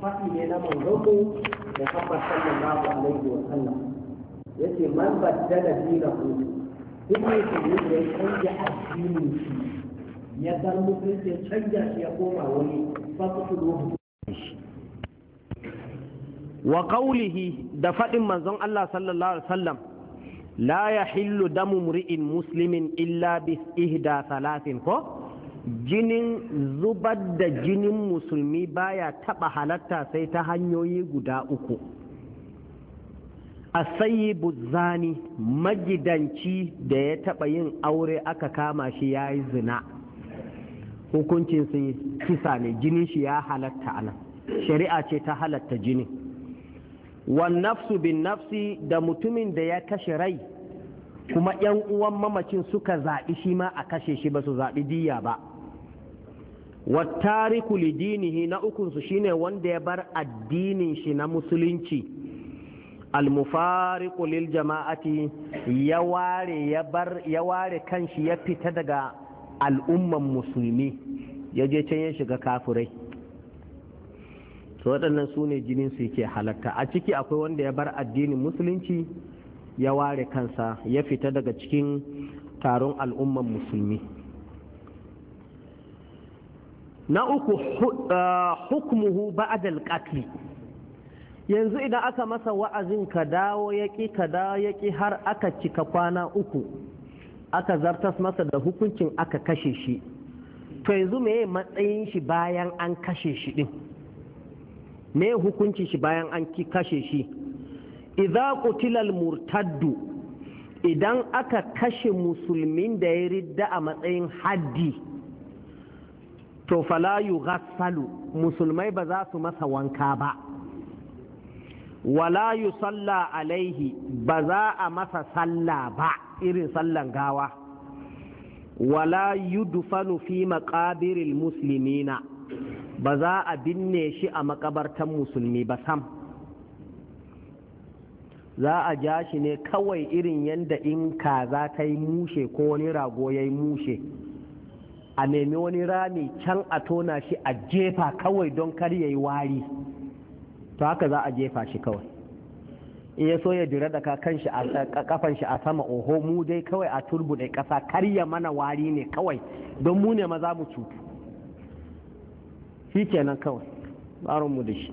faɗi ne na da manzanmu Muhammad sallallahu alaihi wa sallam yace man baddala dinahu duk mutumin da ya canja addinin shi ya san mutunci ya canja shi ya koma wani su fasulu wa qawlihi da faɗin manzon Allah sallallahu alaihi wa sallam la yahillu damu mri'in muslimin illa bi ihda thalathin ko jinin zubar da jinin musulmi baya taba halatta sai ta hanyoyi guda uku asayi buzani magidanci da ya taba yin aure aka kama shi ya yi zina hukuncin sun kisa ne jinin shi ya halatta anan shari'a ce ta halatta jini wan nafsu bin nafsi da mutumin da ya kashe rai kuma 'yan uwan mamacin suka zaɓi shi ma a kashe shi ba su zaɓi diya ba wattarikuli dinihi na ukunsu shine wanda ya bar addinin shi na musulunci almufariku lil jama'ati ya ware ya bar ya kanshi ya fita daga al'umman musulmi ya je can ya shiga kafirai to waɗannan su ne jinin su yake halatta a ciki akwai wanda ya bar addinin musulunci ya ware kansa ya fita daga cikin taron al'umman musulmi na uku ah, ba a qatl yanzu idan aka masa wa'azin ka dawo ƙi ka dawo ya ƙi har aka cika kwana uku aka zartas masa da hukuncin aka kashe shi to yanzu me matsayin shi bayan an kashe shi ɗin me hukunci shi bayan an kashe shi idza qutilal murtaddu idan aka kashe musulmin da ya ridda a matsayin haddi to fala yughassalu musulmai ba za su masa wanka ba wala salla alaihi ba za a masa sallah ba irin sallan gawa wala yudfanu fi maqabiril muslimina ba za a binne shi a makabartan musulmi ba sam za a ja shi ne kawai irin yadda in kaza ta yi mushe ko wani rago ya yi mushe a nemi wani rami can a tona shi a jefa kawai don kar ya yi wari to haka za a jefa shi kawai in ya so ya jira da kakan shi a kafan shi a sama oho mu dai kawai a turbuɗe ƙasa kar ya mana wari ne kawai don mu ne maza mu cutu shi kenan kawai tsarin mu da shi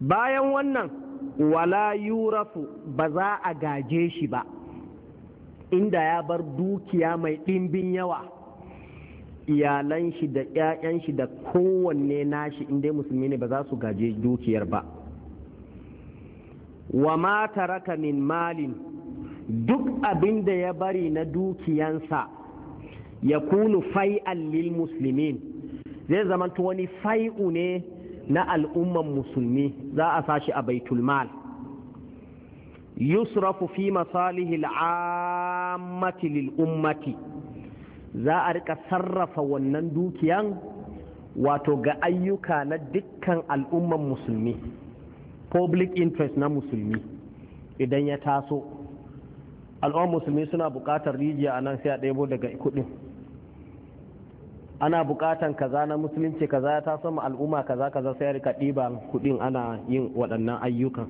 bayan wannan wala yurafu ba za a gaje shi ba inda ya bar dukiya mai ɗimbin yawa iyalan shi da 'ya'yan shi da kowanne nashi inda musulmi ne ba za su gaje dukiyar ba wa ma taraka min malin duk abin da ya bari na dukiyansa ya kunu fai'an lil musulmin zai zamanta wani fai'u ne na al'umman musulmi za a sashi a baitulmal yusrafu fi masalihil al'ammati lil za a rika sarrafa wannan dukiyan wato ga ayyuka na dukkan al'umman musulmi public interest na musulmi idan ya taso al'umman musulmi suna buƙatar rijiya a nan sai a ɗebo daga kuɗi. ana buƙatar kaza na musulunci kaza ya taso ma al'umma kaza kaza sai a rika ɗiban kudin ana yin waɗannan ayyukan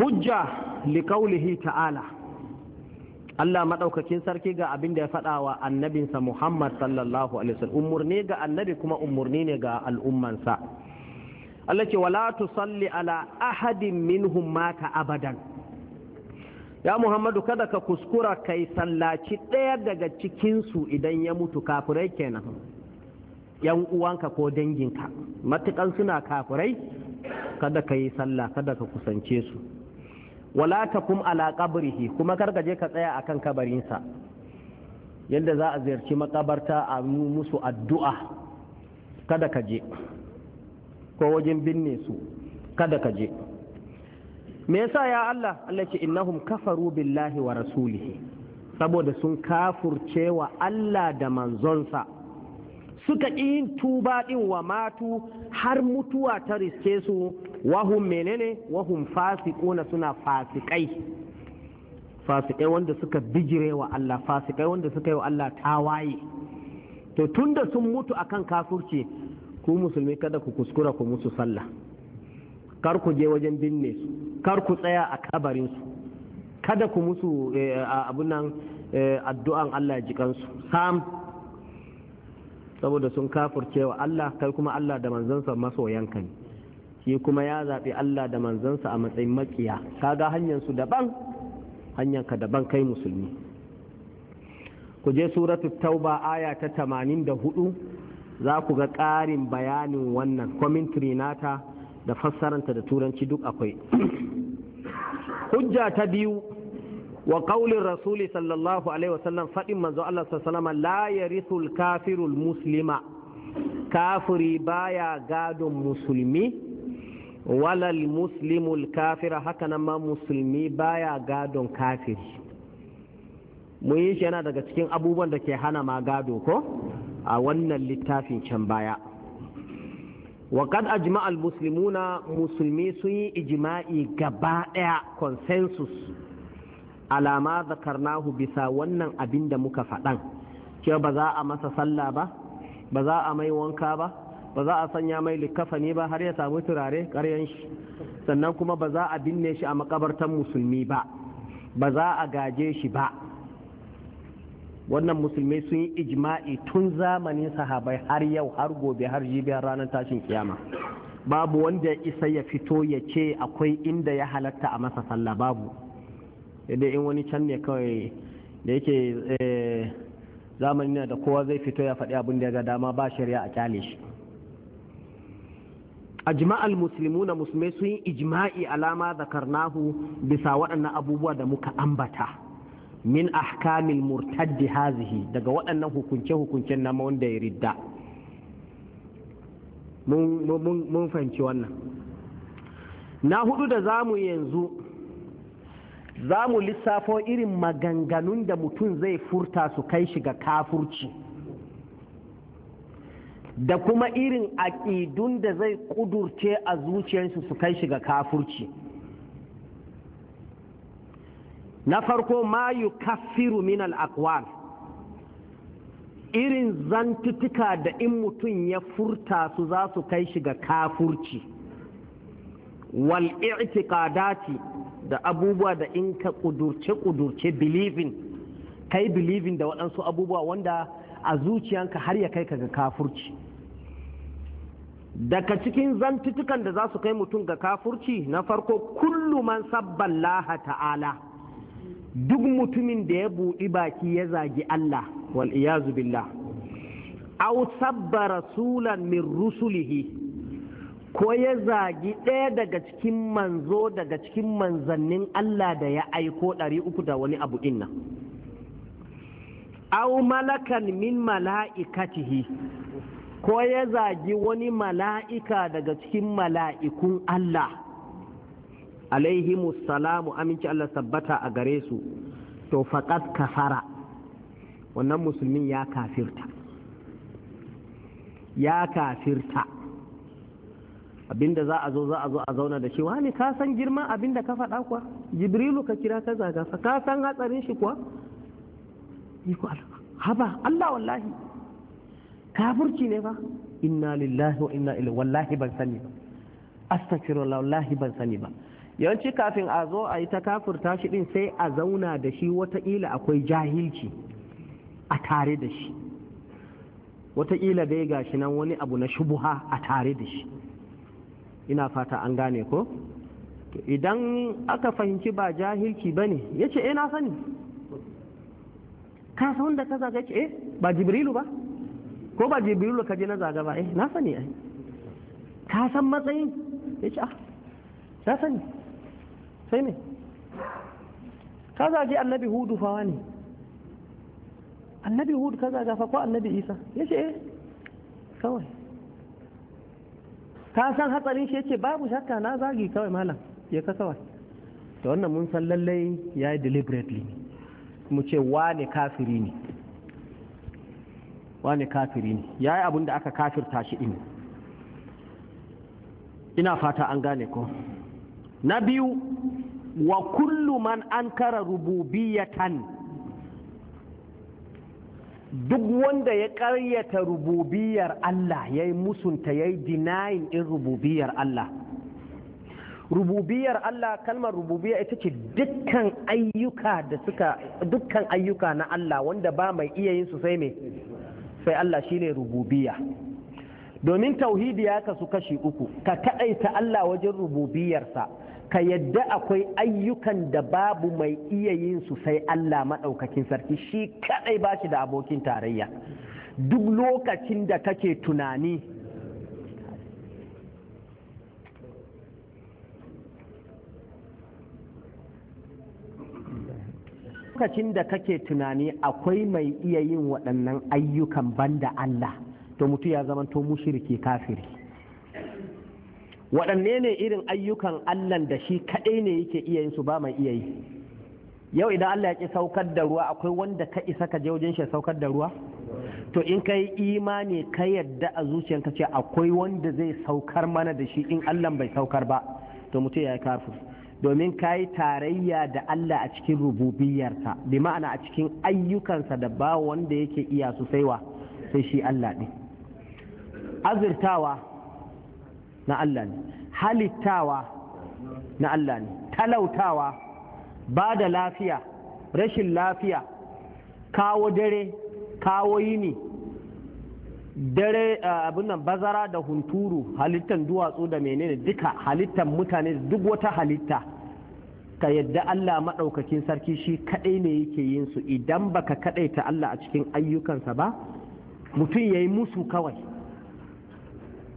hujja likaulihi ta'ala Allah maɗaukakin sarki ga abin da ya faɗa wa annabinsa Muhammad sallallahu alaihi wasallam umurni ga annabi kuma umurni ne ga al'ummansa Allah ce wala tusalli ala ahadin minhum mata abadan ya Muhammadu kada ka kuskura kai sallaci ɗaya daga cikinsu idan ya mutu kafirai kenan yan uwanka ko danginka matukan suna kafirai kada ka yi sallah kada ka kusance su wala kum ala kabrihi kuma kar ka je ka tsaya akan kabarinsa yadda za a ziyarci makabarta a musu addu'a kada ka je ko wajen binne su kada ka je me yasa ya Allah Allah ce innahum kafaru billahi wa rasulihi saboda sun kafurce wa Allah da manzonsa suka yin tuba din wa matu har mutuwa ta riske su wahum menene wahum fasikuna suna fasikai fasikai wanda suka bijire wa Allah fasikai wanda suka yi wa Allah tawaye to tunda sun mutu akan kafurci ku musulmi kada ku kuskura ku musu sallah kar ku je wajen binne su kar ku tsaya a kabarin su kada ku musu eh, abunan eh, addu'an Allah jikansu sam saboda sun kafurce wa Allah kai kuma Allah da manzansa masoyanka ne shi kuma ya zaɓi Allah da manzansa a matsayin makiya kaga hanyar su daban hanyar ka daban kai musulmi ku je suratu tauba aya ta hudu, za ku ga ƙarin bayanin wannan commentary nata da fassaranta da turanci duk akwai hujja ta biyu wa ƙaunin rasuli sallallahu alaihi wasallam faɗin manzo Allah sallallahu alaihi la kafirul muslima kafiri baya gadon musulmi walal muslimul kafira haka nan ma musulmi baya gadon kafiri mu yi shi yana daga cikin abubuwan da ke hana ma gado ko a wannan littafin can baya wa kad ajma'al muslimuna musulmi sun yi ijma'i gaba daya consensus alama zakarnahu bisa wannan abin da muka faɗan cewa ba za a masa sallah ba ba za a mai wanka ba ba za a sanya mai likafani ba har ya samu turare karyan shi sannan kuma ba za a binne shi a makabartan musulmi ba ba za a gaje shi ba wannan musulmi sun yi ijma'i tun zamanin sahabai har yau har gobe har har ranar tashin kiyama babu wanda ya isa ya fito ya ce akwai inda ya halatta a masa sallah babu idan in wani can ne kawai da yake eh, zamani da kowa zai fito ya faɗi abin da ya ga dama ba shari'a a kyale shi musulmu muslimuna musulmai sun yi ijma'i alama da karnahu bisa waɗannan abubuwa da muka ambata min ahkamil murtaddi hazihi daga waɗannan hukunce-hukuncen na wanda ya ridda mun fahimci wannan na hudu da mu yanzu za mu lissafo irin maganganun da mutum zai furta su kai shi ga kafurci da kuma irin aƙidun da zai ƙudurce a zuciyarsu su kai shiga kafurci na farko mayu yu kafiru min al'akwal irin zantutuka da in mutum ya furta su za su kai shiga kafurci wal i'tiqadati da abubuwa da in ka ƙudurce-ƙudurce believing kai believing da waɗansu abubuwa wanda a zuciyanka har ya kai ka ga kafurci daga cikin zantutukan da za su kai mutum ga kafurci na farko kullu man laha ta'ala duk mutumin da ya buɗi baki ya zagi Allah wal iyazu billah aw sabba rasulan min rusulihi ko ya zagi ɗaya daga cikin manzo daga cikin manzannin Allah da ya aiko ɗari uku da wani abu inna au malakan min mala'ikatihi ko ya zagi wani mala'ika daga cikin mala'ikun Allah alaihimu salamu aminci Allah sabbata a gare su to faƙas kafara wannan musulmin ya kafirta ya kafirta abinda za a zo za a zo a zauna da shi wani ka san girman abinda ka faɗa kuwa jibrilu ka kira ka zaga ka san hatsarin shi kuwa iko Allah haba Allah wallahi kafirci ne fa inna lillahi wa inna ilaihi wallahi ban sani ba astaghfirullah wallahi ban sani ba yawanci kafin a zo a yi ta kafurta shi din sai a zauna da shi wataƙila akwai jahilci a tare da shi wataƙila dai gashi nan wani abu na shubuha a tare da shi ina fata an gane ko idan aka fahimci ba jahilci ba ne ya ce eh, na sani ka san wanda ka zaga ce eh ba jibrilu ba ko ba jibrilu ka je na zaga ba eh na sani eh ka san matsayin ya ce ah na sani sai ne ka zage annabi hudu fawa ne annabi hudu ka zaga fa ko annabi isa ya ce eh kawai ka san hatsarin shi ya ce babu shakka na zagi kawai malam ya ka kawai da wannan mun san lallai ya yi deliberately mu ce wane kafiri ne wane kafiri ne ya yi abin da aka kafirta shi ɗin ina fata an gane ko na biyu wa kullu man an kara rububiyatan duk wanda ya karyata rububiyar Allah ya yi musunta ya yi dinayin in rububiyar Allah rububiyar Allah kalmar rububiyar ita ce dukkan ayyuka da suka dukkan ayyuka na Allah wanda ba mai iya yin su sai me sai Allah shine rububiya domin tauhidi ya kasu kashi uku ka kaɗaita Allah wajen rububiyarsa ka yadda akwai ayyukan da babu mai iya yin su sai Allah madaukakin sarki shi kaɗai ba shi da abokin tarayya duk lokacin da kake tunani lokacin da kake tunani akwai mai iya yin waɗannan ayyukan banda Allah to mutu ya zama zamanto mushriki kafiri waɗanne ne irin ayyukan Allah da shi kaɗai ne yake iya yin su ba mai iya yi yau idan Allah ya ƙi saukar da ruwa akwai wanda ka isa ka je wajen shi saukar da ruwa to in ka imani ka yadda a zuciyanka ce akwai wanda zai saukar mana da shi in Allah bai saukar ba to mutu ya yi kafiri. domin ka yi tarayya da Allah a cikin rububiyarsa bi ma'ana a cikin ayyukansa da ba wanda yake iya su saiwa sai shi Allah ne. azurtawa na Allah ne halittawa na Allah ne talautawa ba da lafiya rashin lafiya kawo dare kawo yini dare abin nan bazara da hunturu halittan duwatsu da menene duka halittan mutane duk wata halitta ka yadda Allah maɗaukakin sarki shi kaɗai ne yake yin su idan baka ta Allah a cikin ayyukansa ba mutum ya yi musu kawai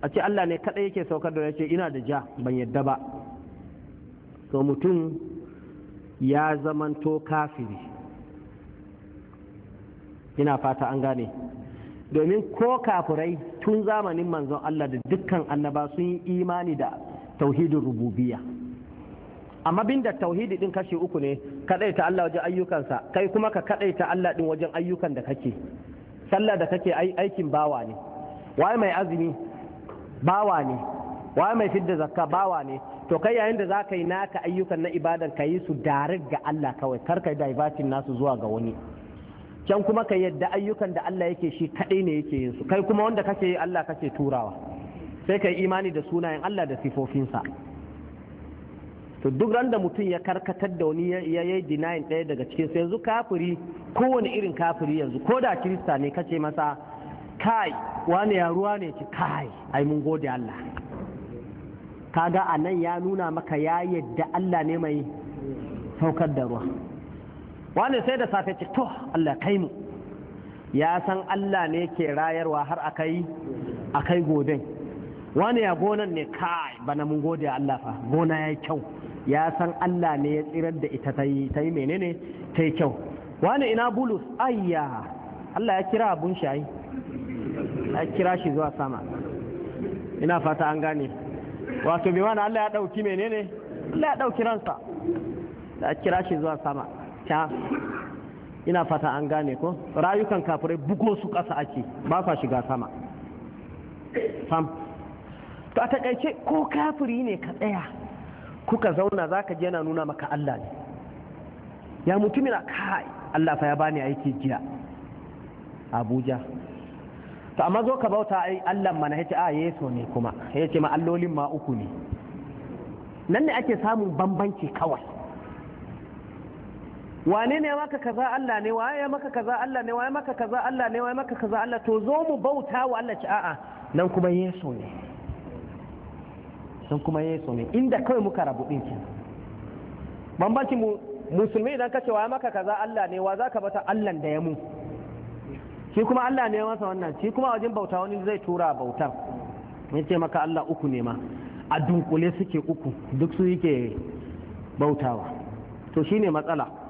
a ce Allah ne kaɗai yake saukar da ya ce ina da ja ban yadda ba to mutum ya zamanto kafiri ina fata an gane domin ko kafirai tun zamanin manzon Allah da dukkan annaba sun yi imani da tauhidin rububiya amma bin da tauhidi din kashi uku ne kadaita Allah wajen ayyukansa kai kuma ka kadaita Allah din wajen ayyukan da kake sallah da kake aikin bawa ne Wai mai azumi bawa ne Wai mai fidda zakka bawa ne to kai yayin da zaka yi naka ayyukan na ibadan ka yi su direct ga Allah kawai kar ka yi diverting nasu zuwa ga wani can kuma ka yadda ayyukan da Allah yake shi kaɗai ne yake yin su kai kuma wanda kake yi Allah kake turawa sai ka yi imani da sunayen Allah da sifofinsa to duk ran da mutum ya karkatar da wani ya yi denying ɗaya daga cikin sai yanzu kafiri kowane irin kafiri yanzu ko da kirista ne kace masa kai wani ya ruwa ne ki kai ai mun gode Allah kaga anan ya nuna maka ya yadda Allah ne mai saukar da ruwa wani sai da safe ce to Allah kai mu ya san Allah ne ke rayarwa har akai akai goden wani ya gonan ne kai bana mun gode Allah fa gona ya kyau ya san Allah ne ya tsirar da ita ta yi ta yi menene ta yi kyau wani ina bulus ayya Allah ya kira abun shayi ya kira shi zuwa sama ina fata an gane wato bi wani Allah ya dauki menene Allah ya dauki ransa ya kira shi zuwa sama ta ina fata an gane ko rayukan kafirai bugo su ƙasa ake ba sa shiga sama sam to a takaice ko kafiri ne ka tsaya kuka zauna za ka yana nuna maka Allah ne ya mutum na kai Allah fa ya bani aiki jiya Abuja to amma zo ka bauta ai Allah mana yace a ah, yeso ne kuma yace ma allolin ma uku ne nan ne ake samun bambanci kawai wane ne maka kaza Allah ne waye maka kaza Allah ne waye maka kaza Allah ne waye maka kaza Allah to zo mu bauta wa Allah ci a'a nan kuma yeso ne nan kuma yeso ne inda kawai muka rabu din kenan bambanci mu musulmi idan kace waye maka kaza Allah ne wa zaka bata Allah da ya mu shi kuma Allah ne masa wannan shi kuma wajen bauta wani zai tura bautar yace maka Allah uku ne ma a dunkule suke uku duk su yake bautawa to shine matsala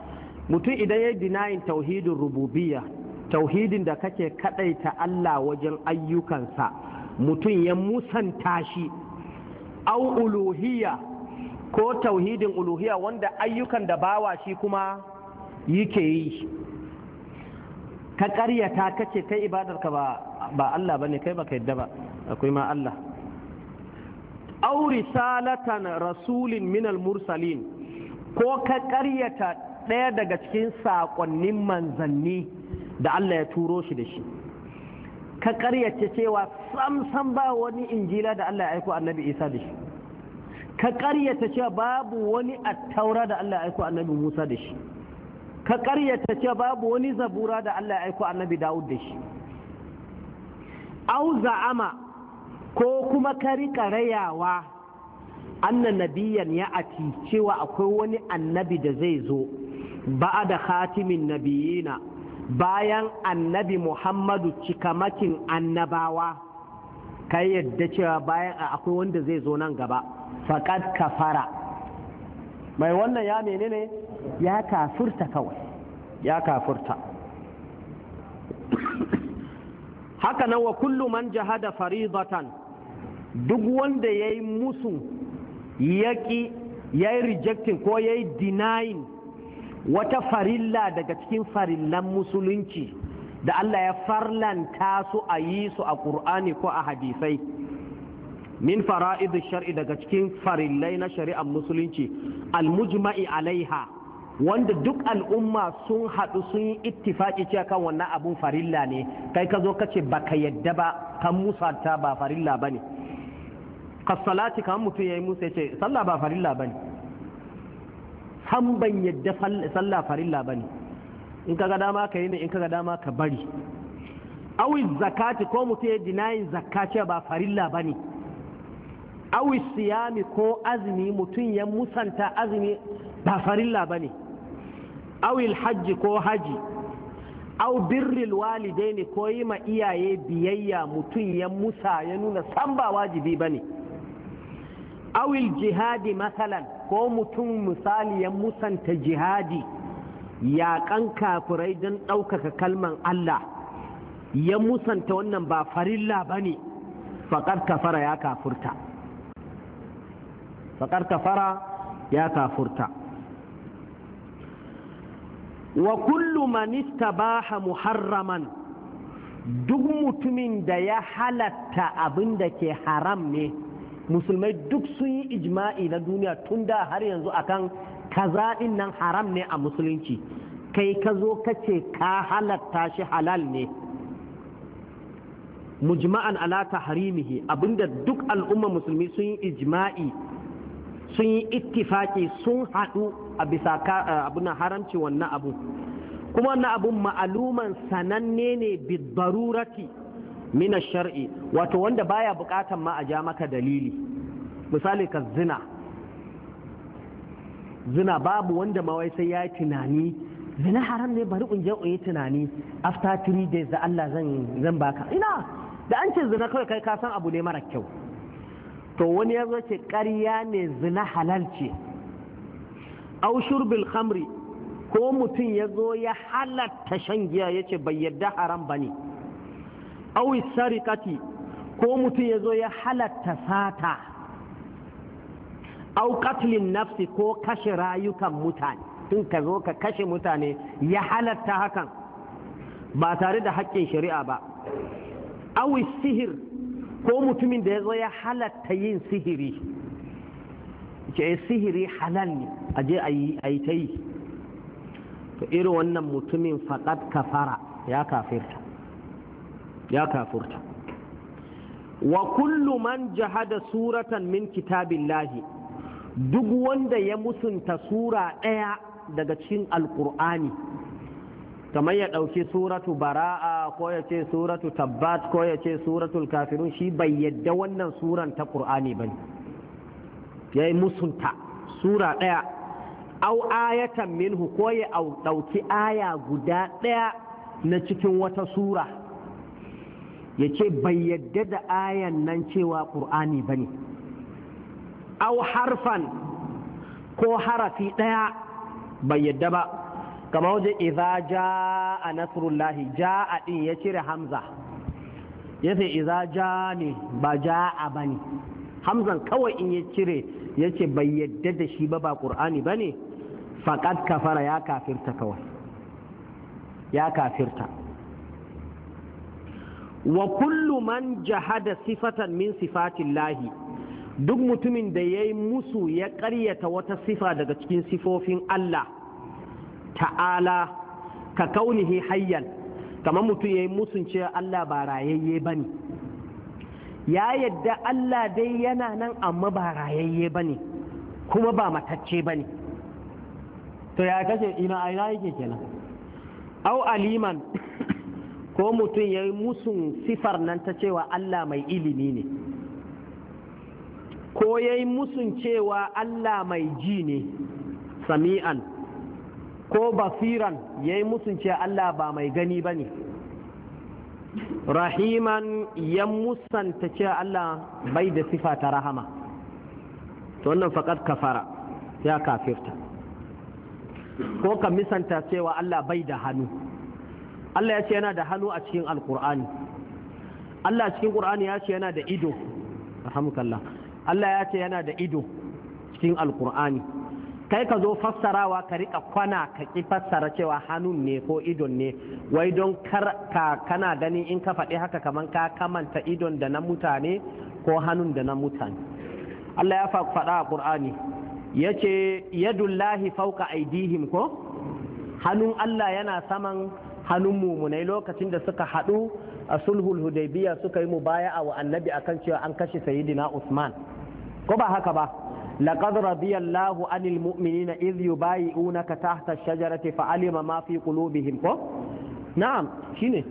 mutum idan ya dinayin tauhidin rububiyya tauhidin da kake kadaita Allah wajen ayyukansa mutum ya musanta shi au uluhiyya ko tauhidin uluhiyya wanda ayyukan da bawa shi kuma yake yi ka ƙaryata kace kai ibadarka ba ba Allah bane kai baka yadda ba akwai ma Allah au risalatan rasulin minal mursalin ko ka ƙaryata ɗaya daga cikin saƙonnin manzanni da Allah ya turo shi da shi ka ƙaryace cewa sam sam ba wani injila da Allah ya aiko annabi Isa da shi ka ƙaryace cewa babu wani attaura da Allah ya aiko annabi Musa da shi ka ƙaryace cewa babu wani zabura da Allah ya aiko annabi Dawud da shi auza ama ko kuma ka riƙa rayawa annan nabiyan ya ati cewa akwai wani annabi da zai zo بعد khatimin النبيين bayan annabi Muhammadu cikamakin annabawa kai yadda cewa bayan akwai wanda zai zo nan gaba faqad kafara mai wannan ya menene ya kafurta kawai ya kafurta haka nan wa kullu man jahada faridatan duk wanda yayi musu yaki yayi rejecting ko yayi denying wata farilla daga cikin farillan musulunci da Allah ya farlanta su a yi su a ƙur'ani ko a hadisai min fara'idu shar'i daga cikin farillai na shari'ar musulunci almujma'i alaiha wanda duk al'umma sun haɗu sun yi ittifaki cewa kan wannan abun farilla ne kai ka zo ka ce baka yadda ba kan ta ba farilla bane kasalati kan mutum yayi musa ce sallah ba farilla bane san yadda sallah farilla ne. in kaga dama ka yi ne in kaga dama ka bari awi zakati ko mutum ya dinayin zakati ba farilla ne. awi siyami ko azumi mutum ya musanta azumi ba farilla ne. awi hajji ko haji au birril walidaini ko yi ma iyaye biyayya mutum ya musa ya nuna san ba wajibi bane awil jihadi masalan ko mutum misali ya musanta jihadi ya kan kafirai don ɗaukaka kalman Allah ya musanta wannan ba farilla ba ne faƙar kafara ya kafurta faƙar kafara ya kafurta wa kullu manista baha muharraman duk mutumin da ya halatta abin da ke haram ne musulmai duk sun yi ijma'i na duniya tun da har yanzu akan kaza din nan haram ne a musulunci kai ka zo ka ce ka halatta shi halal ne mujma'an ala tahrimihi abinda duk al'umma musulmi sun yi ijma'i sun yi ittifaki sun haɗu a bisa abin haramci wannan abu kuma wannan abun ma'aluman sananne ne bi darurati min shar'i wato wanda baya bukatan ma a ja maka dalili misali ka zina zina babu wanda mawai sai ya tunani zina haram ne bari in je in yi tunani after three days da Allah zan zan baka ina da an ce zina kawai kai ka san abu ne mara kyau to wani ya zo ce ƙarya ne zina halal ce au shurbil khamri ko mutum ya zo ya halatta shan giya ya ce bai yarda haram ba awi sarikati ko mutum ya zo ya halatta sata au katlin nafsi ko kashe rayukan mutane tun ka zo ka kashe mutane ya halatta hakan ba tare da haƙƙin shari'a ba awi sihir ko mutumin da ya zo ya halatta yin sihiri ke sihiri halal ne a je a yi ta yi to irin wannan mutumin ka kafara ya kafirta ya kafurta wa kullu man jahada suratan min kitabillahi duk wanda ya musunta sura ɗaya daga cikin alkur'ani kamar ya ɗauki suratu bara'a ko ya ce suratu tabbat ko ya ce suratul kafirun shi bai yadda wannan suran ta ƙur'ani ba ne ya musunta sura ɗaya au ayatan minhu ko ya ɗauki aya guda ɗaya na cikin wata sura ya ce bai yadda da ayan nan cewa ƙur'ani ba ne au harfan ko harafi ɗaya bai yadda ba kama waje iza ja a nasarullahi ja a ɗin ya cire hamza ya sai iza ja ne ba ja a ba ne hamzan kawai in ya cire ya ce bai yadda da shi ba ba ƙur'ani ba ne ka kafara ya kafirta kawai ya kafirta wa kullu man jahada sifatan min sifatin lahi duk mutumin da ya yi musu ya ƙaryata wata sifa daga cikin sifofin Allah ta'ala ka kaunihi hayyan kamar mutum ya yi musun cewa Allah ba rayayye ba ne ya yadda Allah dai yana nan amma ba rayayye ba ne kuma ba matacce ba ne to ya kashe ina aina yake kenan au aliman ko mutum ya yi musun sifar nan ta cewa Allah mai ilimi ne ko ya yi musun cewa Allah mai ji ne sami'an ko basiran ya yi musun cewa Allah ba mai gani ba ne rahiman ya musanta cewa Allah bai da sifa ta rahama to wannan faƙat kafara ya kafirta ko ka misanta cewa Allah bai da hannu Allah ya ce yana da hannu a cikin alkur'ani Allah cikin qur'ani ya ce yana da ido alhamdulillah Allah ya ce yana da ido cikin alkur'ani kai ka zo fassarawa ka riƙa kwana ka ki fassara cewa hannun ne ko idon ne wai don kar ka kana ganin in ka faɗi haka kaman ka kamanta idon da na mutane ko hannun da na mutane Allah ya faɗa a Qur'ani ce yadullahi fauka aidihim ko hannun Allah yana saman hannun mumunai lokacin da suka haɗu a sulhul hudaybiya suka yi mubaya'a a annabi akan cewa an kashe sayyidina usman ko ba haka ba لقد رضي الله عن المؤمنين إذ يبايعونك تحت fa'alima فعلم ما في قلوبهم نعم شيني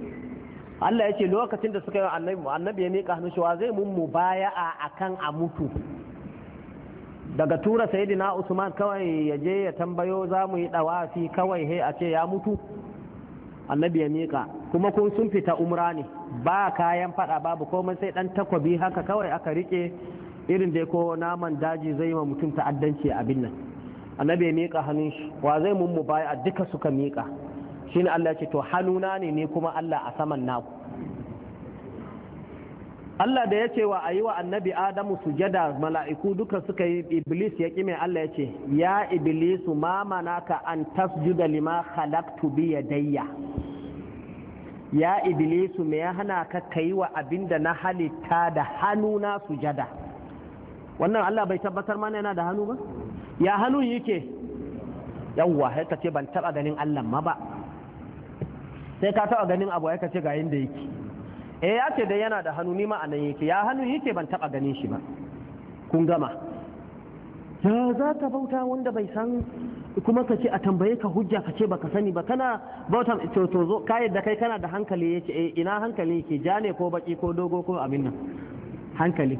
Allah ya ce lokacin da suka yi annabi annabi ya miƙa hannu cewa zai mun mu baya a akan a mutu daga tura sayyidina Usman kawai ya je ya tambayo za mu yi dawafi kawai he a ce ya mutu annabi ya miƙa kuma kun sun fita umra ne ba kayan fada babu komai sai dan takwabi haka kawai aka rike irin dai ko naman daji zai ma mutum ta'addanci abin nan annabi ya miƙa hannun shi wa zai mun mu baya duka suka miƙa shine Allah ya ce to hannuna ne ne kuma Allah a saman naku Allah da ya ce wa ayi wa annabi Adamu sujada mala'iku duka suka yi Iblis ya ƙi mai Allah ya ce, Ya Iblisu ma manaka an tasjuda lima khalaqtu bi yadayya. Ya Iblisu me ya hana ka kai wa abin da na halitta da hannuna sujada. Wannan Allah bai tabbatar mana yana da hannu ba? Ya hannun yake? Yawwa, ya ce ban taɓa ganin Allah ma ba. Sai ka taɓa ganin abu ya ce ga da yake. eh ya ce da yana da hannu nima a nan yake ya hannu yake ban taba ganin shi ba kun gama ya za ka bauta wanda bai san kuma ka ce a tambaye ka hujja ka ce baka sani ba kana bautan to zo ka yadda kai kana da hankali yace eh ina hankali yake ja ne ko baki ko dogo ko abin nan hankali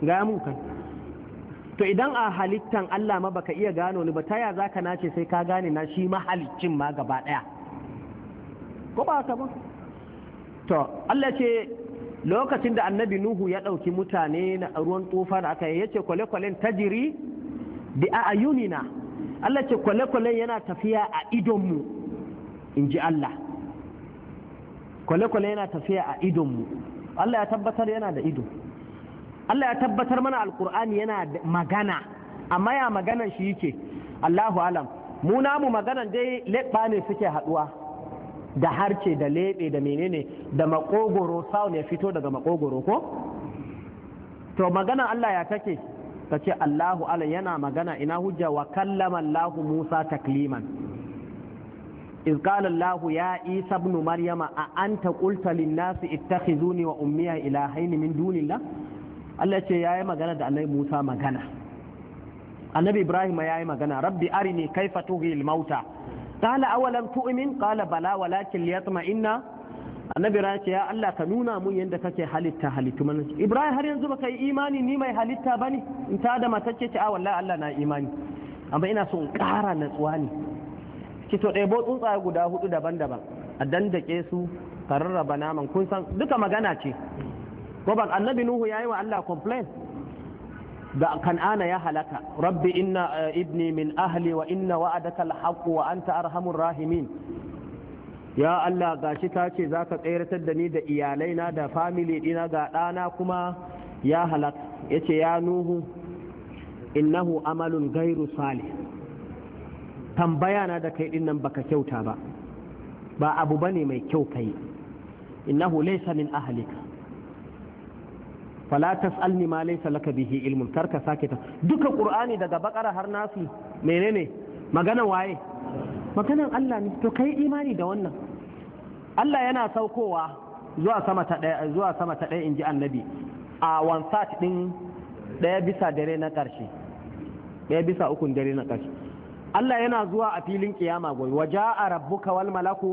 ga mu kai to idan a halittan Allah ma baka iya gano ni ba ta ya zaka nace sai ka gane na shi mahaliccin ma gaba daya ko ba ka ba to Allah ce lokacin da annabi nuhu ya ɗauki mutane na ruwan tsufa da aka yace kwale-kwalen tajiri bi a ayunina Allah ce kwale-kwalen yana tafiya a idonmu in ji Allah kwale-kwale yana tafiya a idonmu Allah ya tabbatar yana da ido Allah ya tabbatar mana alkur'ani yana da magana amma ya maganan shi yake Allahu alam mu namu maganan dai leɓa ne suke haɗuwa da harce da leɓe da menene da makogoro sau ya fito daga makogoro ko to magana Allah ya take ta ce Allahu ala yana magana ina hujja wa kallama Allahu Musa takliman iz qala Allahu ya Isa ibn Maryama a anta qulta lin nasi ittakhizuni wa ummiya ilahayn min dunillah Allah ce yayi magana da Annabi Musa magana Annabi Ibrahim yayi magana rabbi arini kaifa tuhil mauta kala awalan tu'min kala bala walakin liyatma'inna annabi ra ce ya Allah ka nuna mun yadda kake halitta halittu mana Ibrahim har yanzu baka yi imani ni mai halitta bane in ta da mata ce a wallahi Allah na imani amma ina so in kara natsuwa ne ki to bo tsuntsa guda hudu daban-daban a dandake su ka rarraba naman kun san duka magana ce ko ban annabi Nuhu yayi wa Allah complain da kan'ana ya halaka rabbi inna eh, ibni min ahli wa inna wa'adaka alhaqu wa anta arhamur rahimin ya Allah gashi ka ce zaka tsayartar da ni da iyalaina da family dina ga ɗana kuma ya halaka yace ya nuhu innahu amalun gairu salih tambaya na da kai dinnan baka kyauta ba ba abu bane mai kyau kai innahu laysa min ahlika fala tas'alni ma laysa laka bihi ilmun karka sake ta duka qur'ani daga bakara har nasi menene magana waye maganan Allah ne to kai imani da wannan Allah yana saukowa zuwa sama ta daya zuwa sama ta daya inji annabi a wansat din daya bisa dare na karshe daya bisa ukun dare na karshe Allah yana zuwa a filin kiyama goyi waja'a rabbuka wal malaku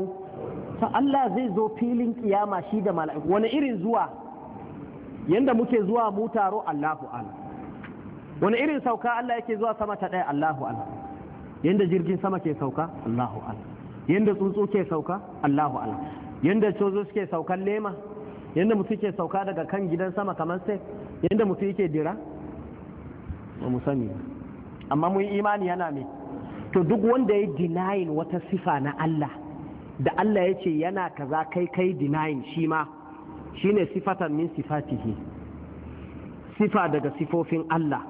Allah zai zo filin kiyama shi da mala'iku wani irin zuwa yanda muke zuwa mu taro Allahu Allah, wani irin sauka Allah yake zuwa sama ta ɗaya Allahu Allah. yanda jirgin sama ke sauka Allahu Allah, yanda tsuntsu ke sauka Allahu Allah, yanda cozo suke saukan lema yanda mutum ke sauka daga kan gidan sama kamar sai yanda mutum yake dira ba mu sani amma mun imani yana me to duk wanda ya dinayin wata sifa na Allah da Allah ya ce yana kaza kai kai dinayin shi ma shine sifatan min sifatihi sifa daga sifofin Allah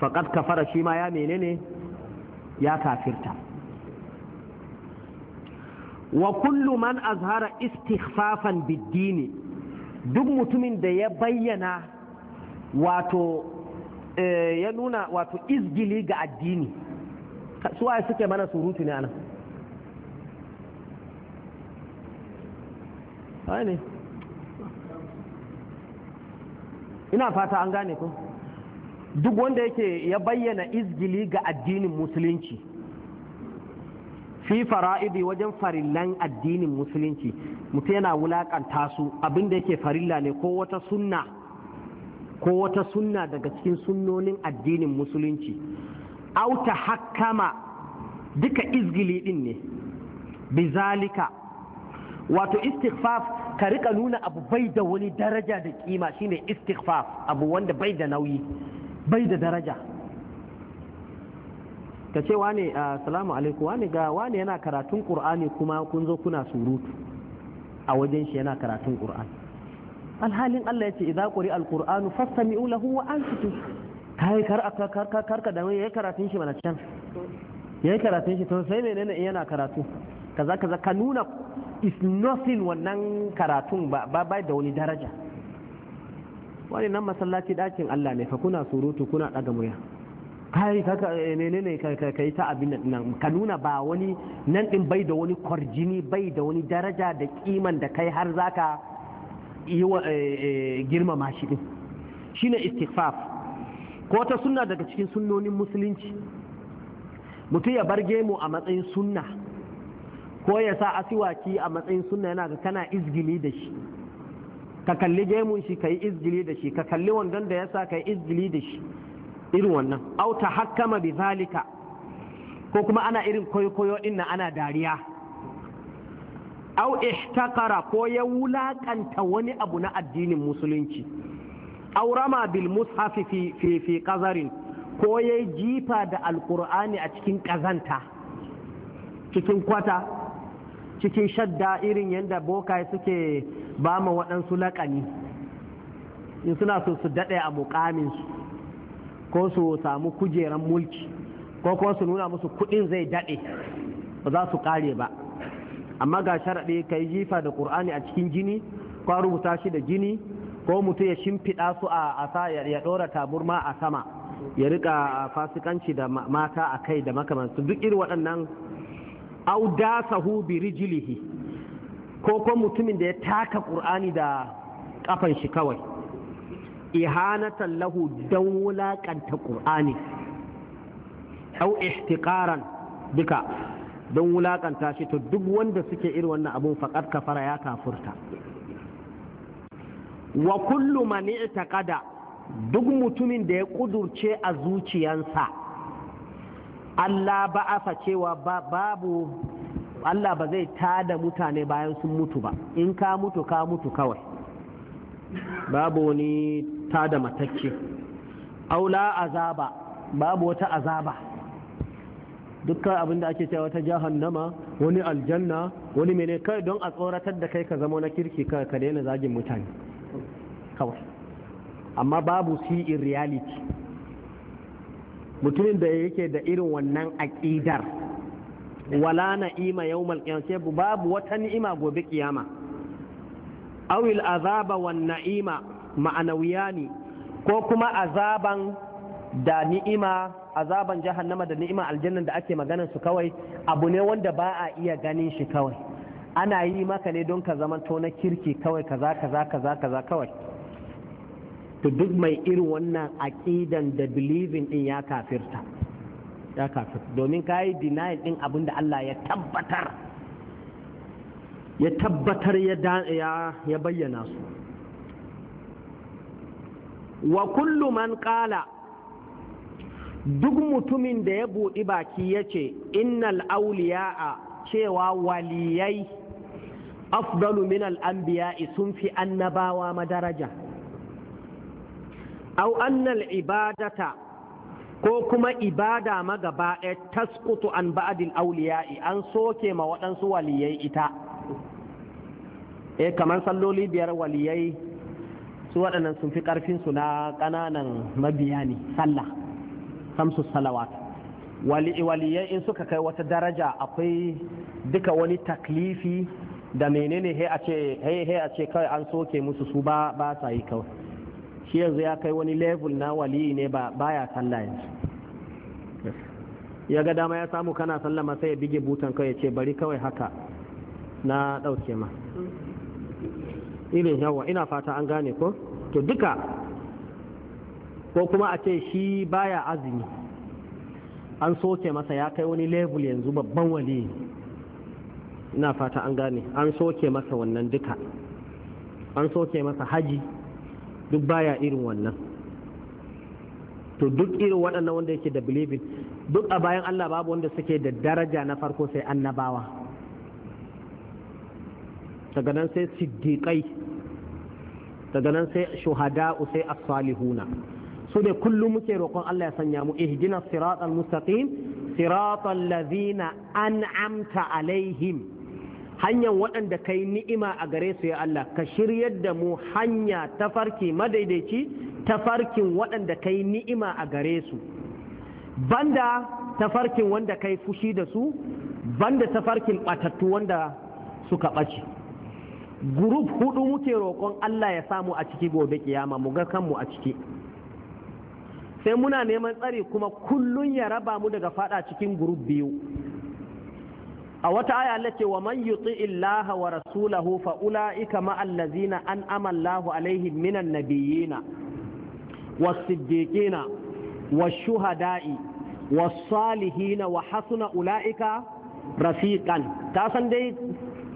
faqad kafara shi ma ya menene ya kafirta wa kullu man azhara istighfafan biddini duk mutumin da ya bayyana wato eh, ya nuna wato izgili ga addini suwaye suke mana surutu ne anan ina fata an gane ku duk wanda yake ya bayyana izgili ga addinin musulunci fi fara'idi wajen farillan addinin musulunci mutum yana wulakanta su abinda yake farilla ne ko wata sunna ko wata sunna daga cikin sunnonin addinin musulunci auta hakama duka izgili din ne bizalika wato istighfaf ka rika nuna abu bai da wani daraja da kima shine istighfar abu wanda bai da nauyi bai da daraja ka ce wane assalamu alaikum wane ga wane yana karatun qur'ani kuma kun zo kuna surutu a wajen shi yana karatun qur'ani alhalin Allah ya ce idza quri alqur'anu fastami'u lahu wa ansitu kai kar kar kar ka da yayi karatun shi mana can yayi karatun shi to sai menene yana karatu kaza kaza ka nuna is nothing wannan karatun ba ba da wani daraja wani nan masallaci ɗakin Allah ne fa kuna surutu kuna ɗaga murya kai ka eh, menene ka yi ta abin nan ka nuna ba wani nan ɗin bai da wani kwarjini bai da wani daraja da kiman da kai har zaka yi eh, eh, girmama shi din shine istighfaf ko ta sunna daga cikin sunnonin musulunci mutum ya bar gemu a matsayin sunna ko ya sa asiwaki a matsayin sunna yana ga kana izgili da shi ka kalli gemun shi ka yi izgili da shi ka kalli wandon da ya sa ka yi izgili da shi irin wannan au ta hakkama bi zalika ko kuma ana irin kwaikwayo koyo ana dariya au ihtakara ko ya wulakanta wani abu na addinin musulunci au rama bil mushafi fi fi, fi qazarin ko ya jifa da Alkur'ani a cikin kazanta cikin kwata cikin shadda irin yadda bokaye suke ba ma waɗansu laƙani in suna so su daɗe a su, ko su samu kujeran mulki ko kuma su nuna musu kuɗin zai daɗe ba za su ƙare ba amma ga sharaɗe ka yi jifa da ƙur'ani a cikin jini ko rubuta shi da jini ko mutum ya shimfiɗa su a asa ya ɗora taburma a sama ya riƙa fasikanci da mata a kai da makamansu duk irin waɗannan au dasahu bi rijlihi ko ko mutumin da ya taka ƙur'ani da kafan shi kawai ihanatan lahu dan wulakanta qur'ani au ihtiqaran duka don wulaƙanta shi to duk wanda suke irin wannan abun faqad kafara ya kafurta wa kullu man i'taqada duk mutumin da ya kudurce a zuciyansa Allah fa cewa babu Allah ba zai tada mutane bayan sun mutu ba in ka mutu ka mutu kawai babu wani tada matakke aula azaba babu wata azaba dukkan abin ake cewa wata jahannama wani aljanna wani mene kai don a tsoratar da kai ka zama na kirki ka daina zagin mutane kawai amma babu si in reality mutumin da yake da irin wannan aƙidar wala na'ima yawmal qiyamah babu wata ni'ima gobe kiyama awil azaba wan na'ima ma'anawiyani ko kuma azaban da ni'ima azaban jahannama da ni'ima aljanna da ake maganar su kawai abu ne wanda ba a iya ganin shi kawai ana yi maka ne don ka zamanto na kirki kawai kaza kaza kaza kaza kawai to duk mai irin wannan aƙidan da believing din ya kafirta ya kafir domin kai yi din abin da Allah ya tabbatar ya tabbatar ya bayyana su wa kullu man qala duk mutumin da ya buɗi baki ya ce innal awliya'a cewa waliyai afdalu min al sun fi annabawa madaraja daraja au annal ibadata ko kuma ibada magaba ɗaya taskutu an ba'adin auliya'i an soke ma waɗansu waliyai ita eh kamar salloli biyar waliyai su waɗannan sun fi ƙarfinsu na ƙananan mabiya ne sallah samsu salawat waliyai in suka kai wata daraja akwai duka wani taklifi da menene he a ce kawai an soke musu su ba sa yi kawai shi yanzu ya kai wani level na wali ne ba baya sallah yanzu ya ga dama ya samu kana ma sai ya bige butan kai ya ce bari kawai haka na ɗauke ma irin yawa ina fata an gane ko to duka ko kuma a ce shi baya azumi an soke masa ya kai wani level yanzu babban wali ina fata an gane an soke masa wannan duka an soke masa haji duk baya irin wannan to duk irin waɗannan wanda yake da believing duk a bayan Allah babu wanda suke da daraja na farko sai annabawa daga nan sai siddiƙai daga nan sai Shuhada sai as-salihuna su ne kullum muke roƙon Allah ya sanya mu ihdina siratal mustaqim siratal ladzina an'amta alaihim hanyar waɗanda ka yi ni'ima a gare su ya Allah ka shiryar da mu hanya tafarki madaidaici tafarkin waɗanda ka yi ni'ima a gare su banda tafarkin wanda ka yi fushi da su banda tafarkin ɓatattu wanda suka ɓace gurup hudu muke roƙon Allah ya samu a ciki gobe kiyama mu ga kanmu a ciki sai muna neman tsari kuma kullun ya raba mu daga fada cikin gurup biyu a wata aya Allah ce wa man yuti illaha wa rasulahu fa ulaika ma allazina an amallahu alaihim minan nabiyina was-siddiqina wash-shuhada'i was-salihina wa hasuna ulaika rafiqan ta san dai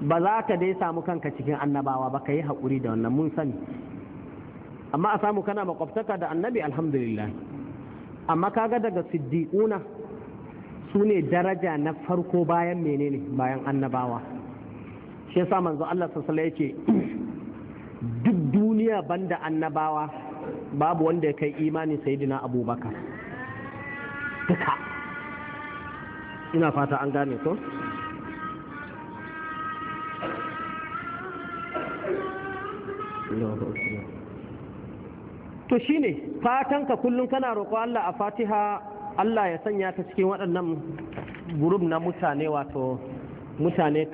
ba za ka dai samu kanka cikin annabawa ba ka yi haƙuri da wannan mun sani amma a samu kana makwabtaka da annabi alhamdulillah amma kaga daga siddiquna su ne daraja na farko bayan menene bayan annabawa shi yasa manzo Allah sassala yake duk duniya banda annabawa babu wanda ya kai imanin sayidina abubakar duka ina fata an gane to to shine fatanka kullum kana roƙo Allah a fatiha Allah ya sanya ta cikin waɗannan gurub na mutane wato mutane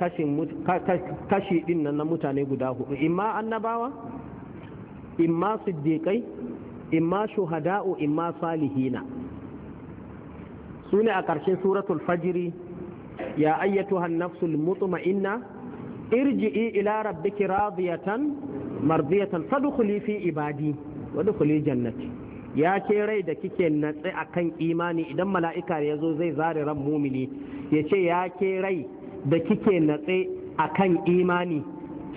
kashi ɗin nan na mutane guda hudu imma annabawa imma siddiƙai imma shuhada'u imma salihina su ne a ƙarshen suratul fajiri ya ayyatuhan nafsul mutma'inna irji'i ila rabbiki radiyatan mardiyatan fadkhuli fi ibadi wa jannati ya ce rai da kike natsi akan imani idan mala'ika ya zo zai zare ran mumini ya ce ya ke rai da kike natsi akan imani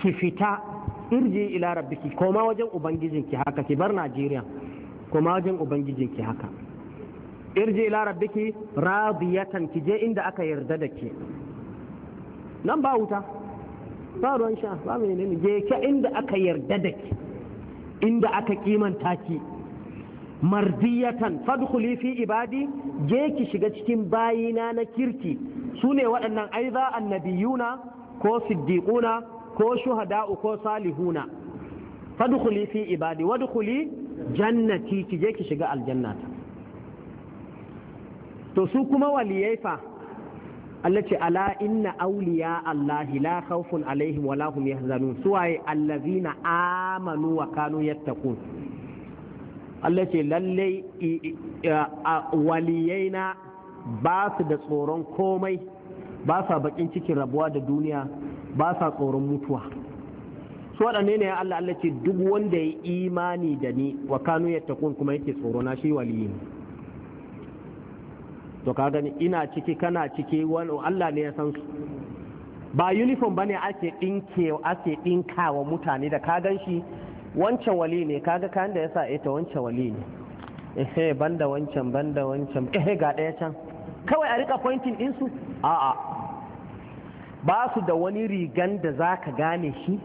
ki fita irji ila rabbiki koma wajen ubangijinki haka ki bar najeriya koma wajen ubangijinki haka irji ila rabbiki radiyatan ki je inda aka yarda da ke nan ba wuta ba ruwan sha ba menene je ka inda aka yarda da ke inda aka kimanta ki mardiyatan fadkhuli fi ibadi je ki shiga cikin bayina na kirki su ne waɗannan aiza annabiyuna ko siddiquna ko shuhada'u ko salihuna fadkhuli fi ibadi wadkhuli jannati ki je ki shiga aljannata to su kuma waliyai fa Allah ce ala inna awliya Allahi la khawfun alaihim wa lahum yahzanun suwaye allazina amanu wa kanu yattaqun Allah ce lallai waliyai na ba su da tsoron komai ba sa bakin cikin rabuwa da duniya ba sa tsoron mutuwa su waɗanne ne Allah Allah ce duk wanda ya imani da ni wa kanu ya takun kuma yake tsoro na shi waliyi to ka gani ina ciki kana ciki wani Allah ne ya san su ba uniform bane ake dinke ake ɗinkawa mutane da ka gan shi wancan wali ne kaga kayan da ya sa ita wancan wali ne ehe banda wancan banda wancan ehe ga ɗaya can kawai a rika pointing ɗinsu a'a ba su da wani rigan da za ka gane shi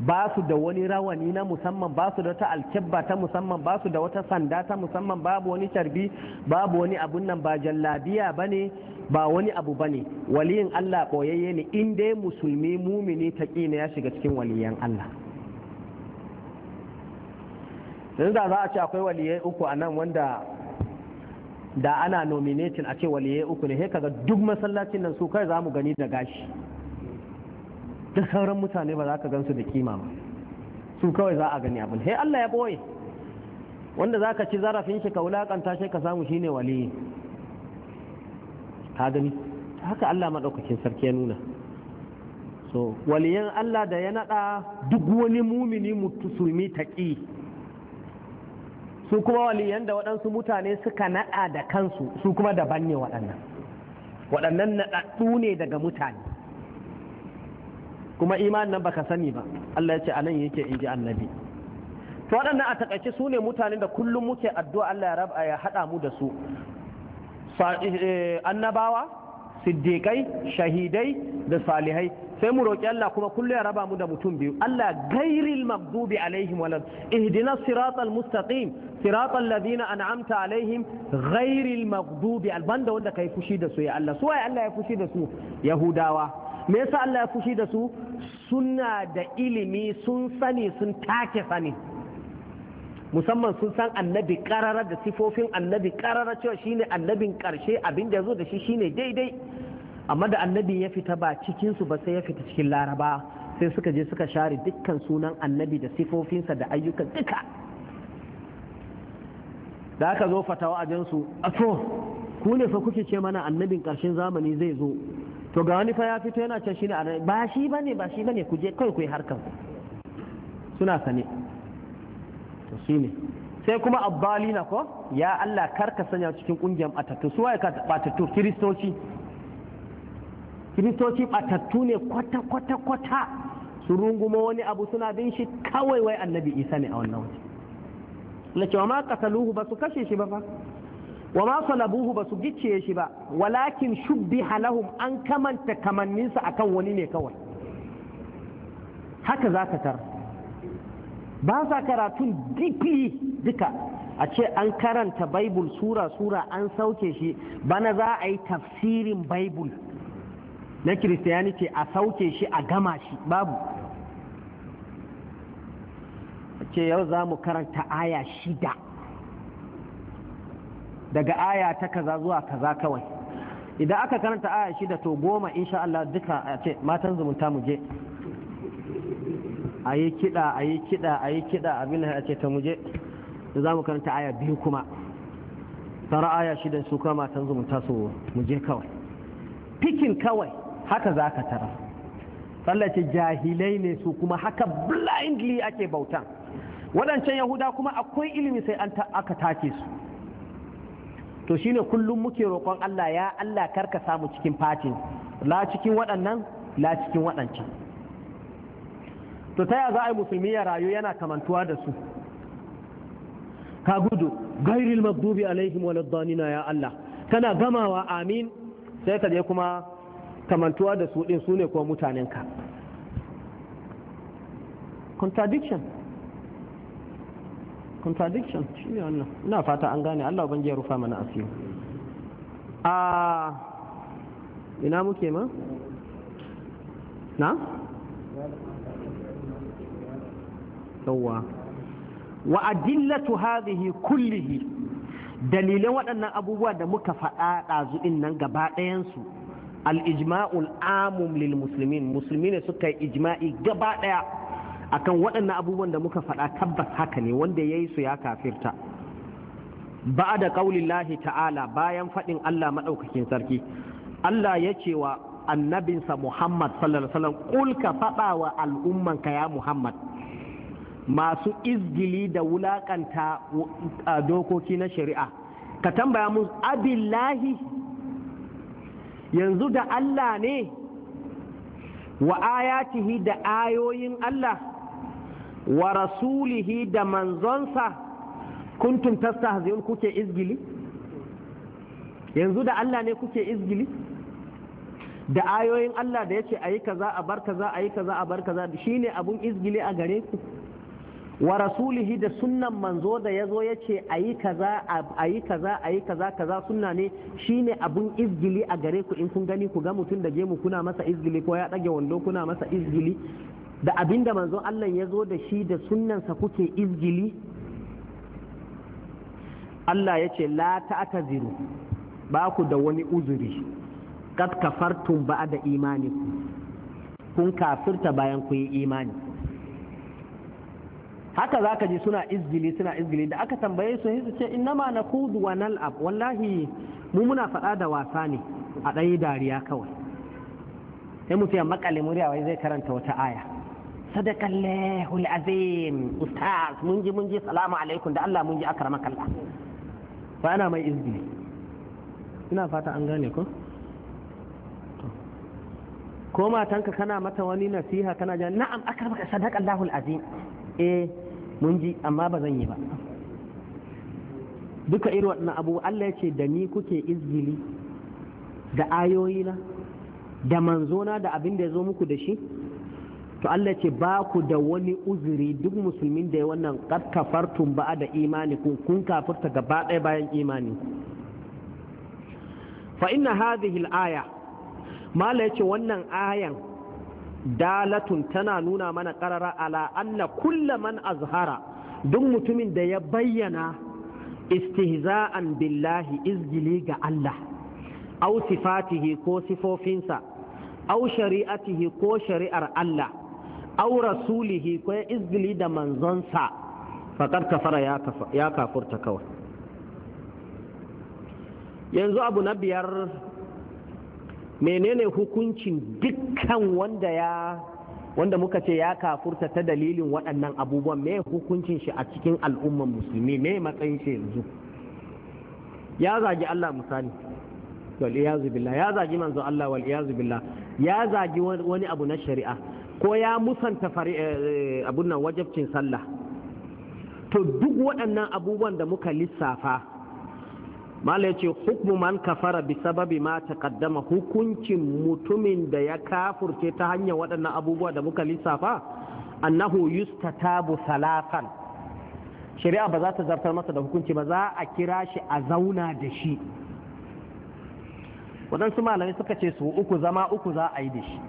ba su da wani rawani na musamman ba su da wata alkebba ta musamman ba su da wata sanda ta musamman babu wani tarbi babu wani abun nan ba jallabiya ba ne ba wani abu ba ne waliyin allah ɓoyayye ne in dai musulmi mumini ta ƙi ya shiga cikin waliyan allah yanzu da za a ce akwai waliyai uku a nan wanda da ana nominatin a ce waliyai uku ne sai kaga duk masallacin nan su kai za mu gani da gashi da sauran mutane ba za ka gansu da kima ba su kawai za a gani abin He Allah ya boye wanda za ka ci zarafin shi ka wulakanta shi ka samu shine waliyi ka gani haka Allah maɗaukacin sarki ya nuna so waliyan Allah da ya naɗa duk wani mumini musulmi taƙi su kuma waliyan da waɗansu mutane suka naɗa da kansu su kuma daban ne waɗannan waɗannan naɗaɗɗu ne daga mutane kuma imanin nan baka sani ba Allah ya ce a nan yake in annabi to waɗannan a takaice su ne mutane da kullum muke addu'a Allah ya raba ya haɗa mu da su eh, eh, annabawa siddiƙai shahidai da salihai sai mu roƙi Allah kuma kullum ya raba mu da mutum biyu Allah gairil maghdubi alaihim walad ihdina siratal mustaqim siratal ladina an'amta alaihim ghairil maghdubi albanda wanda kayi fushi da su ya Allah su Allah ya fushi da su yahudawa me yasa Allah ya fushi da su suna da ilimi sun sani sun take sani musamman sun san annabi karara da sifofin annabi karara cewa shine annabin karshe abin da zo da shi shine daidai amma da annabi ya fita ba cikin su ba sai ya fita cikin laraba sai suka je suka share dukkan sunan annabi da sifofinsa da ayyukan duka da aka zo fatawa a jansu a to ku ne fa kuke ce mana annabin ƙarshen zamani zai zo to ga wani fa ya fito yana can shi ne ba shi bane ba shi bane ku je kai ku yi harkar suna sane to shi ne sai kuma abbalina ko ya Allah karka sanya cikin kungiyar batattu su waye batattu kiristoci kiristoci batattu ne kwata kwata kwata su runguma wani abu suna bin shi kawai wai annabi isa ne a wannan waje na cewa ma qataluhu basu kashe shi ba fa wa ma salabuhu basu su shi ba walakin shubbi halahum an kamanta kamanninsa akan wani ne kawai haka za ka tar ba sa karatun deeply duka a ce an karanta baibul sura-sura an sauke shi bana za a yi tafsirin baibul na ce a sauke shi a gama shi babu ce yau za mu karanta aya shida daga aya ta kaza zuwa kaza kawai idan aka karanta aya shida to goma insha Allah duka a ce matan zumunta mu je a yi kiɗa a yi kiɗa a yi kiɗa abin da ce ta muje da za mu karanta aya biyu kuma tara aya shida su kama matan zumunta su muje kawai fikin kawai haka za ka tara tsallace jahilai ne su kuma haka blindly ake bautan waɗancan yahuda kuma akwai ilimi sai an aka take su to shine kullum muke roƙon Allah ya Allah karka samu cikin fatin la cikin waɗannan la cikin waɗancan to ta ya za a yi musulmi ya rayu yana kamantuwa da su ka gudu gairil magdubi alaihim waladdanina ya Allah kana gamawa amin sai ka je kuma kamantuwa da su din su ne kuma mutanenka contradiction contradiction shi ne wannan ina fata an gane Allah ubangiji ya rufa mana asiri a ina muke ma na yawwa wa adillatu hadhihi kullihi dalilan waɗannan abubuwa da muka faɗa ɗazu nan gaba ɗayansu al-ijma'ul amum lil muslimin musulmi ne suka yi ijma'i gaba ɗaya akan waɗannan abubuwan da muka faɗa tabbas haka ne wanda ya yi su ya kafirta ba da ƙaulillahi ta'ala bayan faɗin Allah maɗaukakin sarki Allah ya ce wa annabinsa Muhammad sallallahu alaihi wasallam kul ka ya Muhammad masu izgili da wulakanta dokoki na shari'a ka tambaya musu abillahi yanzu da Allah ne wa ayatihi da ayoyin Allah wa rasulihi da manzonsa kuntum tastahzi'un kuke izgili yanzu da Allah ne kuke izgili da ayoyin Allah da yace ayi kaza a bar kaza ayi kaza a bar kaza shine abun izgili a gare ku wa rasulihi da sunnan manzo da yazo yace ayi kaza ayi kaza ayi kaza kaza sunna ne shine abun izgili a gare ku in kun gani ku ga mutum da gemu kuna masa izgili ko ya dage wando kuna masa izgili da abinda manzon Allah ya zo da shi da sunnansa kuke izgili Allah ya ce la ta'taziru ba ku da wani uzuri kad kafartum ba da imani kun kafirta bayan ku yi imani haka za ka ji suna izgili suna izgili da aka tambaye su su ce inna na kudu wa nal'ab wallahi mu muna faɗa da wasa ne a ɗanyi dariya kawai sai mu ce makale murya wai zai karanta wata aya صدق الله العظيم استاذ منجي منجي ji salamu alaikum da Allah اكرمك الله فانا ما ana mai ina fata an gane ko ko matanka kana mata wani nasiha kana jan na'am sadaqa Allahu alazim eh mun ji amma ba zan yi ba duka irin waɗannan abu Allah yace ce da ni kuke izgili da ayoyina da manzona da abin da ya zo muku da shi to Allah ce ba ku da wani uzuri duk musulmin da ya wannan kad kafartum ba da imani kun kun kafirta gaba ɗaya bayan imani fa inna hadhihi al-aya mala yace wannan ayan dalatun tana nuna mana qarara ala anna kullu man azhara duk mutumin da ya bayyana istihza'an billahi izgili ga Allah aw sifatihi ko sifofinsa aw shari'atihi ko shari'ar Allah aw rasulihi ko ya izgili da manzonsa faqad kafara ya kafurta kawai yanzu abu na biyar menene hukuncin dukkan wanda ya wanda muka ce ya kafurta ta dalilin waɗannan abubuwan me hukuncin shi a cikin al'umman musulmi me matsayin shi yanzu ya zagi Allah misali wal iyazu billah ya zagi manzo Allah wal iyazu billah ya zagi wani abu na shari'a ko ya musanta eh, eh, abun nan wajabcin sallah to duk waɗannan abubuwan da muka lissafa mala ce hukmu man kafara bi sababi ma taqaddama hukuncin mutumin da ya kafurce ta hanyar waɗannan abubuwa da muka lissafa annahu yustatabu salatan shari'a ba za ta zartar masa da hukunci ba za a kira shi a zauna da shi waɗansu malamai suka ce su uku zama uku za a yi da shi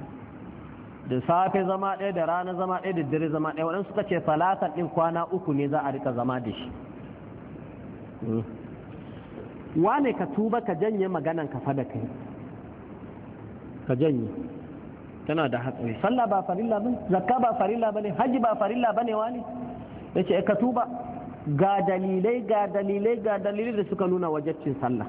da safe zama ɗaya da rana zama ɗaya da dare zama ɗaya waɗansu suka ce salatan ɗin kwana uku ne za a rika zama da shi hmm. ne ka tuba ka janye maganan ka fada kai ka janye tana da hatsari sallah ba farilla bane zakka ba farilla bane haji ba farilla bane wani yace eh, ka tuba ga dalilai ga dalilai ga dalilai da suka nuna wajaccin sallah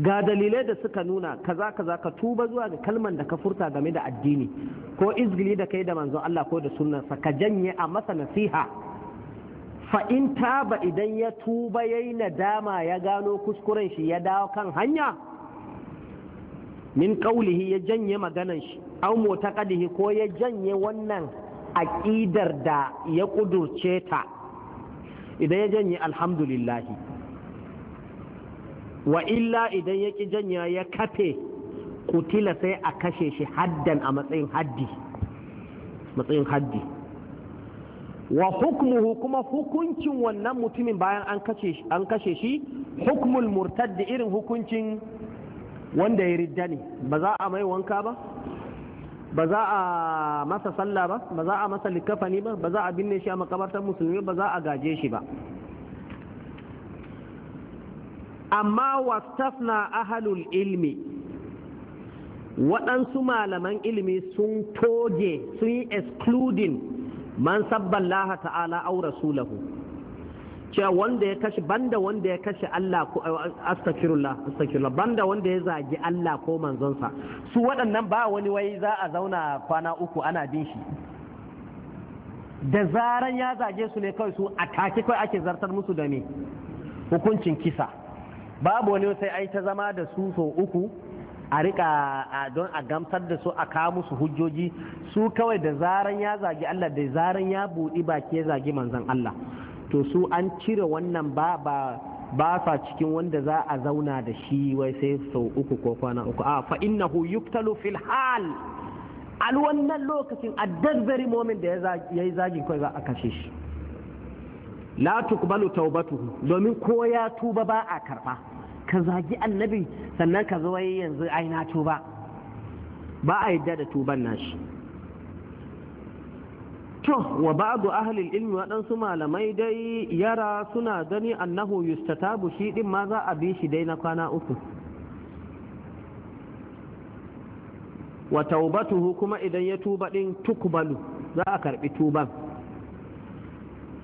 ga dalilai da suka nuna kaza kaza ka tuba zuwa ga kalman da ka furta game da addini ko izgili da kai da manzon Allah ko da sunnarsa ka janye a masa nasiha fa in taba idan ya tuba yayi nadama ya gano kuskuren shi ya dawo kan hanya min qaulihi ya janye maganan shi aw mu'taqadihi ko ya janye wannan aqidar da ya kudurce ta idan ya janye alhamdulillah wa illa idan ya ƙi janya ya kafe kutila sai a kashe shi haddan a matsayin haddi matsayin haddi wa hukmuhu kuma hukuncin wannan mutumin bayan an kashe shi hukmul murtad irin hukuncin wanda ya ridda ne ba za a mai wanka ba ba za a masa sallah ba ba za a masa likafani ba ba za a binne shi a makabartar musulmi ba za a gaje shi ba amma wastafna ahalul ilmi waɗansu malaman ilmi sun toge sun yi excluding man sabban laha ta'ala au rasulahu cewa wanda ya kashi banda wanda ya kashe Allah ko astaghfirullah astaghfirullah banda wanda ya zagi Allah ko manzonsa su waɗannan ba wani wai za a zauna kwana uku ana bin shi da zaran ya zage su ne kawai su a take kawai ake zartar musu da ne hukuncin kisa babu wani sai ai ta zama da su so uku a rika don a gamsar da su a kawo musu hujjoji su kawai da zaran ya zagi Allah da zaran ya buɗi baki ya zagi manzon Allah to su an cire wannan ba ba ba sa cikin wanda za a zauna da shi wai sai sau uku ko kwana uku a fa innahu yuktalu fil hal al wannan lokacin a that very moment da ya zagi kai za a kashe shi la tuqbalu tawbatuhu domin ko ya tuba ba a karba ka zagi annabi sannan ka zo yanzu ai na tuba ba a yadda da tuban nashi to wa ba'du ahli ilmi waɗansu malamai dai yara suna gani annahu yustatabu shi din ma za a bi shi dai na kwana uku wa taubatuhu kuma idan ya tuba din tukbalu za a karbi tuban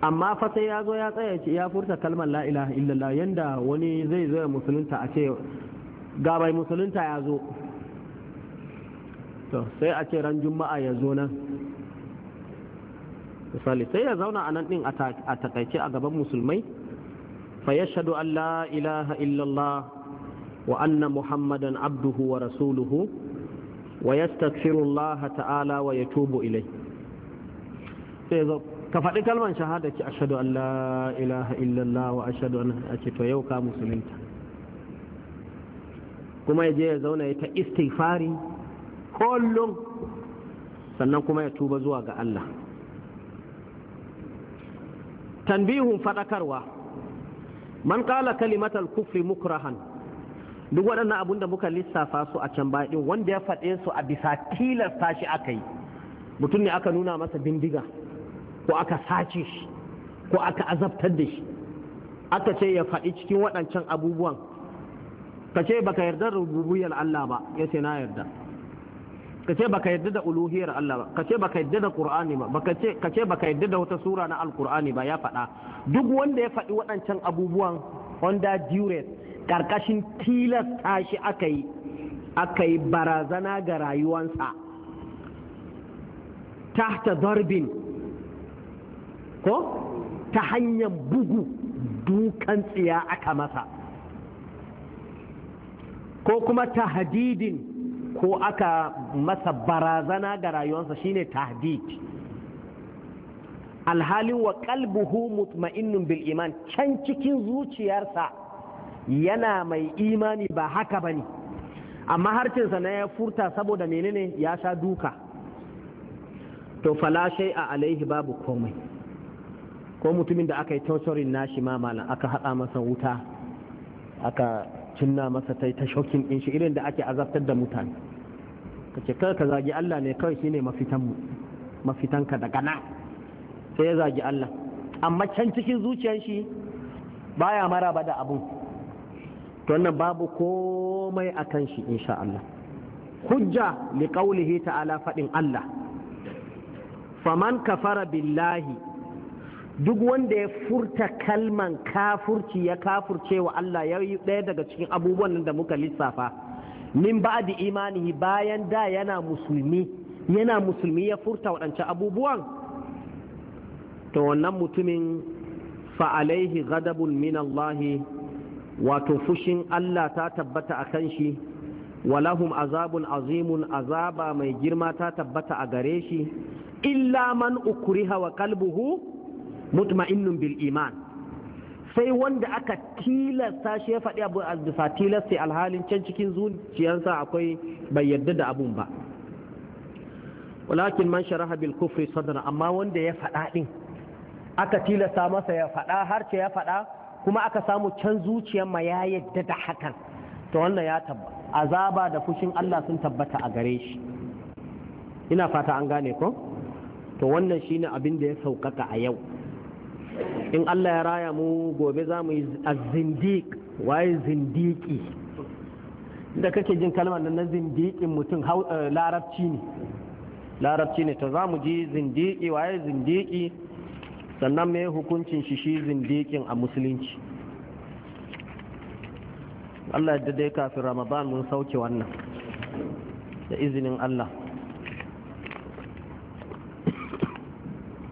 amma fa sai ya zo ya tsaya ce ya furta kalmar la ilaha illallah yanda wani zai zo ya musulunta a ce ga bai musulunta ya zo to sai a ce ran juma'a ya zo nan misali sai ya zauna a nan din a takaice a gaban musulmai fa yashhadu an la ilaha illallah wa anna muhammadan abduhu wa rasuluhu wa ya Allah ta'ala wa tubu ilai sai ka faɗi kalman shahada ki ashadu an la ilaha illallah wa ashadu an ce to yau ka musulunta kuma ya je ya zauna ya ta istifari, kullum sannan kuma ya tuba zuwa ga Allah tanbihun faɗakarwa man ƙala kalimatal kufri mukrahan duk waɗannan abun da muka lissafa su a can baɗin wanda ya faɗe su a bisa tilasta shi aka yi mutum ne aka nuna masa bindiga ko aka sace shi ko aka azabtar da shi aka ce ya faɗi cikin waɗancan abubuwan ka ce baka yarda da rububiyar Allah ba ya ce na yarda ka ce baka yarda da uluhiyar Allah ba ka ce baka yarda da Qur'ani ba ka ce baka yarda da wata sura na Al-Qur'ani ba ya faɗa duk wanda ya faɗi waɗancan abubuwan under duress karkashin tilasta shi aka yi aka yi barazana ga rayuwansa tahta darbin ko ta hanyar bugu dukan tsiya aka masa ko kuma tahdidin ko aka masa barazana ga rayuwarsa shine tahdid alhalin wa kalbuhu mutma'innun bil iman can cikin zuciyarsa yana mai imani ba haka bane amma harcinsa na ya furta saboda menene ya sha duka to fala shay'a alaihi babu komai ko mutumin da aka yi tausorin nashi ma malam aka haɗa masa wuta aka cinna masa ta ta ɗin shi irin da ake azabtar da mutane ka ce kar ka zagi Allah ne kawai shine mafitan mu mafitanka daga nan sai ya zagi Allah amma can cikin zuciyar shi baya maraba da abun to wannan babu komai akan shi insha Allah hujja li ta ta'ala faɗin Allah faman kafara billahi duk wanda ya furta kalman kafurci ya kafurce wa Allah ya yi ɗaya daga cikin abubuwan da muka lissafa min ba'di imanihi bayan da yana musulmi yana musulmi ya furta waɗancan abubuwan to wannan mutumin fa'alaihi ghadabun min Allah wato fushin Allah ta tabbata a kan shi walahum azabun azimun azaba mai girma ta tabbata a gare shi illa man ukriha wa qalbuhu mutma'innun bil iman sai wanda aka tilasta shi ya faɗi abu albisa tilasta alhalin can cikin zuciyarsa akwai bai yarda da abun ba walakin man sharaha bil kufri sadra amma wanda ya faɗa din aka tilasta masa ya faɗa har ce ya faɗa kuma aka samu can zuciyar ma ya yarda da hakan to wannan ya tabba azaba da fushin Allah sun tabbata a gare shi ina fata an gane ko to wannan shine abin da ya sauƙaƙa a yau in Allah ya raya mu gobe za mu yi azindik waye zindiki da kake jin kalmar nan na zindikin mutum eh, larabci ne larabci ne ta za mu ji zindiki waye zindiki sannan mai hukuncin shi shi zindikin a musulunci Allah ya dai kafin ramadan mun sauke wannan da izinin Allah